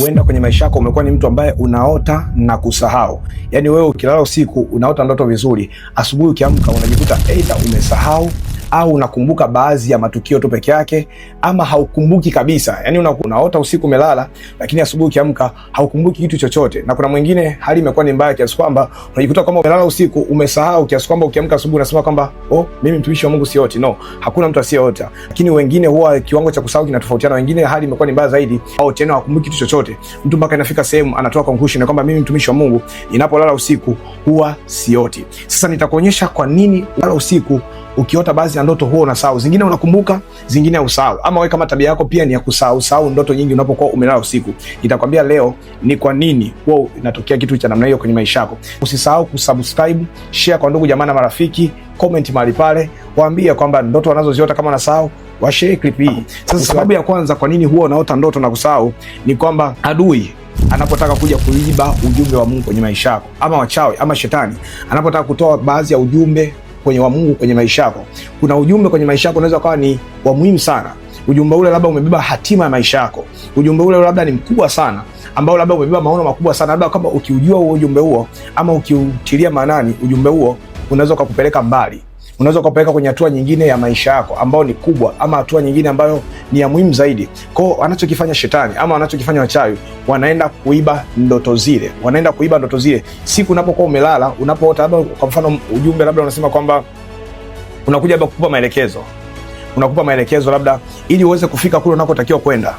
huenda kwenye maisha yako umekuwa ni mtu ambaye unaota na kusahau. Yani wewe ukilala usiku unaota ndoto vizuri, asubuhi ukiamka unajikuta aidha umesahau au unakumbuka baadhi ya matukio tu peke yake, ama haukumbuki kabisa. Yani unaota usiku umelala, lakini asubuhi ukiamka haukumbuki kitu chochote. Na kuna mwingine hali imekuwa ni mbaya kiasi kwamba unajikuta kwamba umelala usiku umesahau kiasi kwamba ukiamka asubuhi unasema kwamba oh, mimi mtumishi wa Mungu sioti. No, hakuna mtu asiyeota, lakini wengine huwa kiwango cha kusahau kinatofautiana. Wengine hali imekuwa ni mbaya zaidi, au tena hakumbuki kitu chochote, mtu mpaka inafika sehemu anatoa conclusion kwamba mimi mtumishi wa Mungu inapolala usiku huwa sioti. Sasa nitakuonyesha kwa nini lala usiku ukiota baadhi na ndoto huo unasahau, zingine unakumbuka, zingine usahau. Ama wewe kama tabia yako pia ni ya kusahau sahau ndoto nyingi unapokuwa umelala usiku, Nitakwambia leo ni kwa nini huwa inatokea kitu cha namna hiyo kwenye maisha yako. Usisahau kusubscribe, share kwa ndugu jamaa na marafiki, comment mahali pale, waambie kwamba ndoto wanazoziota kama unasahau washare clip hii. Sasa sababu ya kwanza kwa nini huo unaota ndoto na kusahau ni kwamba adui anapotaka kuja kuiba ujumbe wa Mungu kwenye maisha yako, ama wachawi ama shetani anapotaka kutoa baadhi ya ujumbe kwenye wa Mungu kwenye maisha yako. Kuna ujumbe kwenye maisha yako unaweza ukawa ni wa muhimu sana. Ujumbe ule labda umebeba hatima ya maisha yako. Ujumbe ule labda ni mkubwa sana ambao labda umebeba maono makubwa sana, labda kama ukiujua huo ujumbe huo ama ukiutilia maanani ujumbe huo unaweza ukakupeleka mbali unaweza ukapeleka kwenye hatua nyingine ya maisha yako ambayo ni kubwa, ama hatua nyingine ambayo ni ya muhimu zaidi. Kwao anachokifanya shetani ama wanachokifanya wachawi, wanaenda kuiba ndoto zile, wanaenda kuiba ndoto zile. Siku unapokuwa umelala, unapoota labda, kwa mfano ujumbe labda unasema kwamba unakuja labda kukupa maelekezo, unakupa maelekezo labda ili uweze kufika kule unakotakiwa kwenda,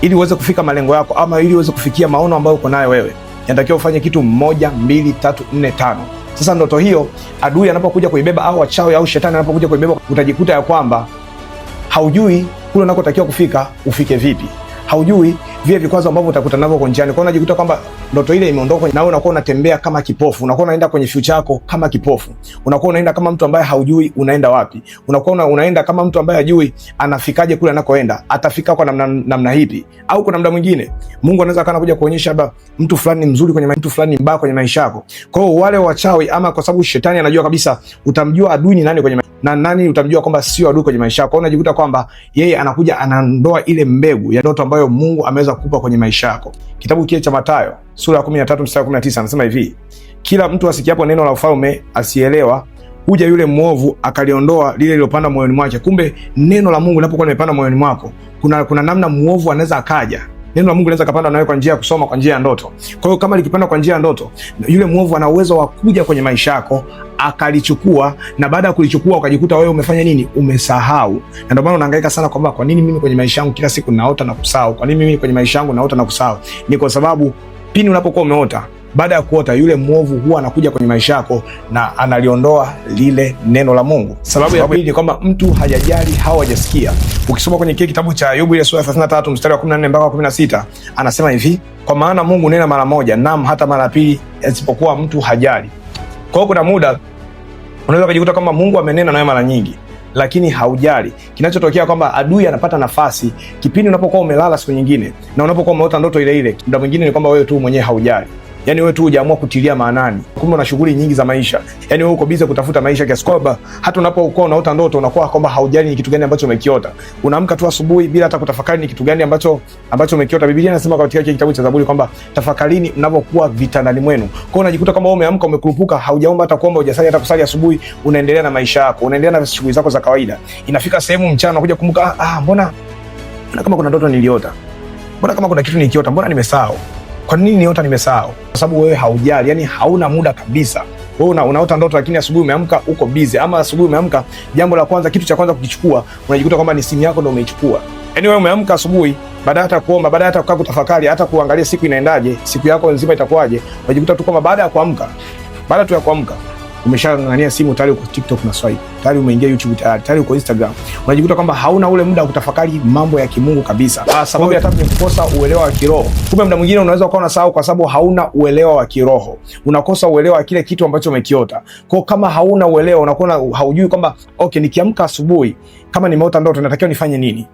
ili uweze kufika malengo yako, ama ili uweze kufikia maono ambayo uko nayo wewe, inatakiwa ufanye kitu moja, mbili, tatu, nne, tano sasa ndoto hiyo adui anapokuja kuibeba au wachawi au shetani anapokuja kuibeba, utajikuta ya kwamba haujui kule unakotakiwa kufika ufike vipi haujui vile vikwazo ambavyo utakutana navyo kwa njiani. Kwa hiyo unajikuta kwamba ndoto ile imeondoka, na wewe unakuwa unatembea kama kipofu, unakuwa unaenda kwenye future yako kama kipofu, unakuwa unaenda kama mtu ambaye haujui unaenda wapi, unakuwa una, unaenda kama mtu ambaye hajui anafikaje kule anakoenda, atafika kwa namna, namna hipi? Au kuna muda mwingine Mungu anaweza kana kuja kuonyesha labda mtu fulani mzuri kwenye mtu fulani mbaya kwenye maisha yako. Kwa hiyo wale wachawi ama, kwa sababu shetani anajua kabisa utamjua adui ni nani kwenye maisha na nani utamjua kwamba sio adui kwenye maisha yako, unajikuta kwamba yeye anakuja anandoa ile mbegu ya ndoto ambayo ambayo Mungu ameweza kukupa kwenye maisha yako. Kitabu kile cha Mathayo sura ya 13 mstari wa 19 anasema hivi: kila mtu asikiapo neno la ufalme asielewa huja yule mwovu akaliondoa lile lilopanda moyoni mwake. Kumbe neno la Mungu linapokuwa limepanda moyoni mwako, kuna, kuna namna mwovu anaweza akaja neno la Mungu linaweza kupanda nawe kwa njia ya kusoma, kwa njia ya ndoto. Kwa hiyo kama likipanda kwa njia ya ndoto, yule mwovu ana uwezo wa kuja kwenye maisha yako akalichukua, na baada ya kulichukua ukajikuta wewe umefanya nini? Umesahau. Na ndio maana unahangaika sana kwamba kwa nini mimi kwenye maisha yangu kila siku naota na kusahau? Kwa nini mimi kwenye maisha yangu naota na kusahau? Ni kwa sababu pini unapokuwa umeota baada ya kuota, yule mwovu huwa anakuja kwenye maisha yako na analiondoa lile neno la Mungu. Sababu ya pili ni kwamba mtu hajajali au hajasikia. Ukisoma kwenye kile kitabu cha Ayubu ile sura ya 33 mstari wa 14 mpaka 16, anasema hivi, kwa maana Mungu nena mara moja, naam hata mara pili, asipokuwa mtu hajali. Kwa hiyo kuna muda unaweza kujikuta kwamba Mungu amenena nawe mara nyingi lakini haujali. Kinachotokea kwamba adui anapata nafasi kipindi unapokuwa umelala siku nyingine, na unapokuwa umeota ndoto ile ile, muda mwingine ni kwamba wewe tu mwenyewe haujali yani wewe tu hujaamua kutilia maanani. Kumbe una shughuli nyingi za maisha, yani wewe uko bize kutafuta maisha kiasi kwamba hata unapokuwa unaota ndoto unakuwa kwamba haujali ni kitu gani ambacho umekiota. Unaamka tu asubuhi bila hata kutafakari ni kitu gani ambacho ambacho umekiota. Biblia inasema katika kitabu cha Zaburi kwamba tafakarini mnapokuwa vitandani mwenu. Kwa hiyo unajikuta kwamba wewe umeamka umekurupuka, haujaomba hata kuomba, hujasali hata kusali asubuhi, unaendelea na maisha yako, unaendelea na shughuli zako za kawaida. Inafika sehemu mchana unakuja kumbuka, ah, ah mbona kama kuna ndoto niliota, mbona kama kuna kitu nikiota, mbona nimesahau kwa nini niota nimesahau? Kwa sababu wewe haujali, yani hauna muda kabisa. Wewe una, unaota ndoto lakini asubuhi umeamka uko busy, ama asubuhi umeamka, jambo la kwanza, kitu cha kwanza kukichukua, unajikuta kwamba ni simu yako ndio umeichukua. Yani wewe umeamka asubuhi baada hata kuomba, baada hata kukaa kutafakari, hata kuangalia siku inaendaje, siku yako nzima itakuwaje, unajikuta tu kwamba baada ya kuamka, baada tu ya kuamka umeshang'ang'ania simu tayari, uko TikTok na swipe tayari, umeingia YouTube tayari, tayari uko Instagram, unajikuta kwamba hauna ule muda wa kutafakari mambo ya kimungu kabisa. Ah, sababu ya tatu ni kukosa uelewa wa kiroho. Kumbe muda mwingine unaweza ukawa unasahau kwa sababu hauna uelewa wa kiroho, unakosa uelewa wa kile kitu ambacho umekiota. Kwa kama hauna uelewa, unakuwa haujui kwamba okay, nikiamka asubuhi kama nimeota ndoto natakiwa nifanye nini?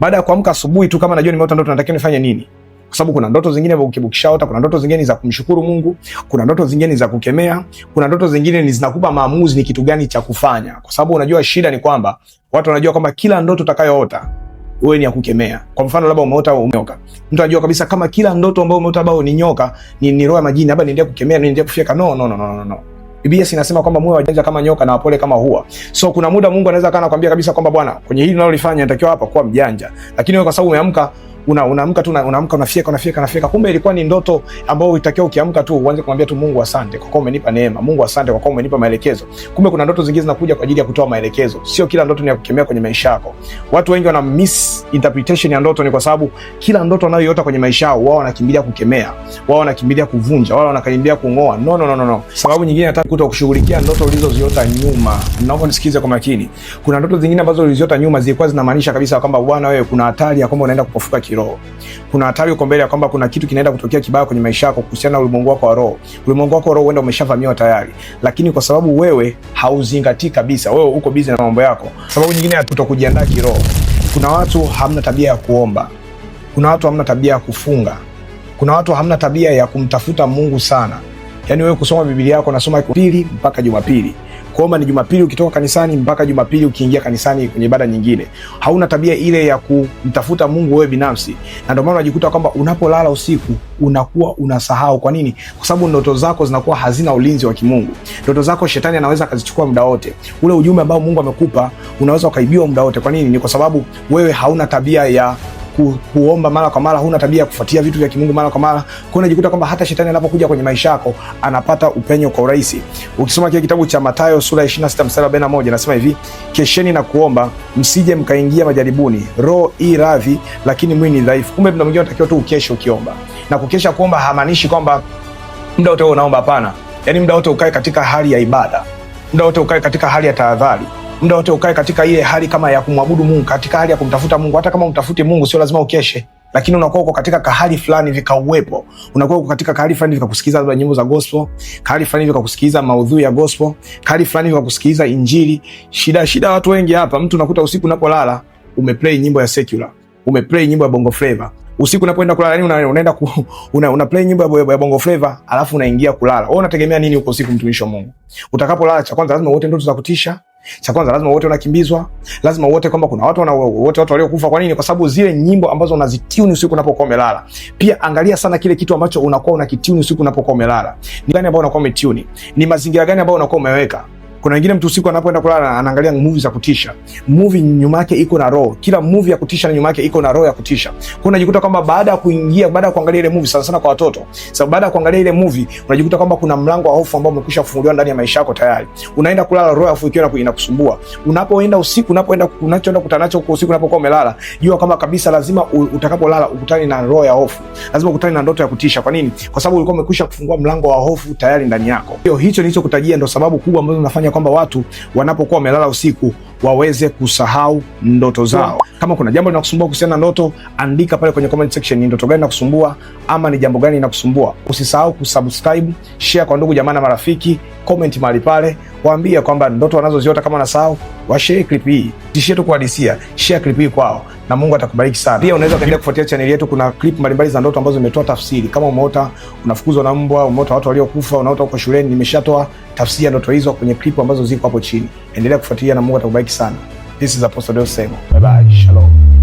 Baada ya kuamka asubuhi tu kama najua nimeota ndoto natakiwa nifanye nini? kwa sababu kuna ndoto zingine ukibukishaota, kuna ndoto zingine ni za kumshukuru Mungu, kuna ndoto zingine ni za kukemea, kuna ndoto zingine ni zinakupa maamuzi ni kitu gani cha kufanya, kwa sababu unajua shida ni kwamba watu wanajua kwamba kila ndoto utakayoota wewe ni ya kukemea. Kwa mfano, labda umeota nyoka, mtu anajua kabisa kama kila ndoto ambayo umeota bao ni nyoka, ni ni roho ya majini, labda niende kukemea, niende kufyeka. No, no, no, no, no. Biblia inasema kwamba mwe wajanja kama nyoka na wapole kama hua. So kuna muda Mungu anaweza kana kwambia kabisa kwamba bwana, kwenye hili unalolifanya natakiwa hapa kuwa mjanja, lakini wewe kwa sababu umeamka unaamka tu unaamka unafyeka unafyeka unafyeka, kumbe ilikuwa ni ndoto ambayo itakiwa ukiamka tu uanze kumwambia tu Mungu asante kwa kuwa umenipa neema, Mungu asante kwa kuwa umenipa maelekezo. Kumbe kuna ndoto zingine zinakuja kwa ajili ya kutoa maelekezo, sio kila ndoto ni ya kukemea kwenye maisha yako. Watu wengi wana misinterpretation ya ndoto, ni kwa sababu kila ndoto wanayoiota kwenye maisha yao wao wanakimbilia kukemea, wao wanakimbilia kuvunja, wao wanakimbilia kung'oa. No, no, no, no, no. Sababu nyingine hata kuto kushughulikia ndoto ulizoziota nyuma. Naomba nisikize kwa makini. Kuna ndoto zingine ambazo uliziota nyuma zilikuwa zinamaanisha kabisa kwamba bwana, wewe kuna hatari ya kwamba unaenda kupofuka kiroho. Kuna hatari uko mbele ya kwamba kuna kitu kinaenda kutokea kibaya kwenye maisha yako kuhusiana na ulimwengu wako wa roho. Ulimwengu wako wa roho huenda umeshavamiwa tayari, lakini kwa sababu wewe hauzingatii kabisa, wewe uko busy na mambo yako. Sababu nyingine ya kutokujiandaa kiroho, kuna watu hamna tabia ya kuomba, kuna watu hamna tabia ya kufunga, kuna watu hamna tabia ya kumtafuta Mungu sana. Yaani wewe kusoma Biblia yako unasoma Jumapili mpaka Jumapili kuomba ni Jumapili ukitoka kanisani mpaka Jumapili ukiingia kanisani kwenye ibada nyingine. Hauna tabia ile ya kumtafuta Mungu wewe binafsi, na ndio maana unajikuta kwamba unapolala usiku unakuwa unasahau. Kwa nini? Kwa sababu ndoto zako zinakuwa hazina ulinzi wa kimungu. Ndoto zako shetani anaweza akazichukua muda wote. Ule ujumbe ambao Mungu amekupa unaweza ukaibiwa muda wote. Kwa nini? Ni kwa sababu wewe hauna tabia ya ku, kuomba mara kwa mara, huna tabia ya kufuatia vitu vya kimungu mara kwa mara, kwa unajikuta kwamba hata shetani anapokuja kwenye maisha yako anapata upenyo kwa urahisi. Ukisoma kile kitabu cha Mathayo sura 26 mstari wa 41 anasema hivi, kesheni na kuomba msije mkaingia majaribuni, roho i radhi lakini mwili ni dhaifu. Kumbe mda mwingine unatakiwa tu ukeshe ukiomba, na kukesha kuomba hamaanishi kwamba mda wote unaomba, hapana. Yani mda wote ukae katika hali ya ibada, mda wote ukae katika hali ya tahadhari muda wote ukae katika ile hali kama ya kumwabudu Mungu, katika hali ya kumtafuta Mungu. Hata kama umtafute Mungu sio lazima ukeshe, lakini unakuwa uko katika kahali fulani vikauwepo, unakuwa uko katika kahali fulani vikakusikiliza labda nyimbo za gospel, kahali fulani vikakusikiliza maudhui ya gospel, kahali fulani vikakusikiliza Injili. Shida shida watu wengi hapa, mtu unakuta usiku unapolala umeplay nyimbo ya secular, umeplay nyimbo ya bongo flavor usiku unapoenda kulala yani unaenda ku, una, una play nyimbo ya, ya bongo flava alafu unaingia kulala. Wewe unategemea nini huko usiku, mtumishi wa Mungu? Utakapolala cha kwanza lazima uote ndoto za kutisha, cha kwanza lazima wote unakimbizwa, lazima wote kwamba kuna watu wana wote watu waliokufa. Kwa nini? Kwa sababu zile nyimbo ambazo unazituni usiku unapokuwa umelala. Pia angalia sana kile kitu ambacho unakuwa unakitiuni usiku unapokuwa umelala. Ni gani ambao unakuwa umetiuni, Ni mazingira gani ambayo unakuwa umeweka? Kuna wengine mtu usiku anapoenda kulala anaangalia movie za kutisha. Movie nyuma yake iko na roho. Kila movie ya kutisha na nyuma yake iko na roho ya kutisha. Kwa unajikuta kwamba baada ya kuingia, baada ya kuangalia ile movie, sana sana kwa watoto. Sababu baada ya kuangalia ile movie unajikuta kwamba kuna mlango wa hofu ambao umekwisha kufunguliwa ndani ya maisha yako tayari. Unaenda kulala roho ya hofu ikiwa inakusumbua. Unapoenda usiku, unapoenda unachoenda kukutana nacho kwa usiku unapokuwa umelala, jua kama kabisa lazima utakapolala ukutane na roho ya hofu. Lazima ukutane na ndoto ya kutisha. Kwa nini? Kwa sababu ulikuwa umekwisha kufungua mlango wa hofu tayari ndani yako. Hiyo hicho nilichokutajia ndio sababu kubwa ambazo unafanya kwamba watu wanapokuwa wamelala usiku waweze kusahau ndoto zao. Kama kuna jambo linakusumbua kuhusiana na ndoto, andika pale kwenye comment section, ni ndoto gani inakusumbua ama ni jambo gani linakusumbua. Usisahau kusubscribe, share kwa ndugu jamaa na marafiki, comment mahali pale, waambie kwamba ndoto wanazoziota kama nasahau, washare clip hii, tishie tu kuhadisia, share clip hii kwao na Mungu atakubariki sana. Pia unaweza kaendelea kufuatilia chaneli yetu, kuna clip mbalimbali za ndoto ambazo zimetoa tafsiri. Kama umeota unafukuzwa na mbwa, umeota watu waliokufa, unaota uko shuleni, nimeshatoa tafsiri ya ndoto hizo kwenye clip ambazo ziko hapo chini. Endelea kufuatilia na Mungu atakubariki sana. This is Apostle Deusi Semo. Bye bye. Shalom.